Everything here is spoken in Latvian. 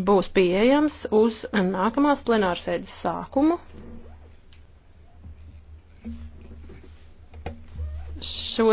būs pieejams uz nākamās plenārsēdes sākumu. Šo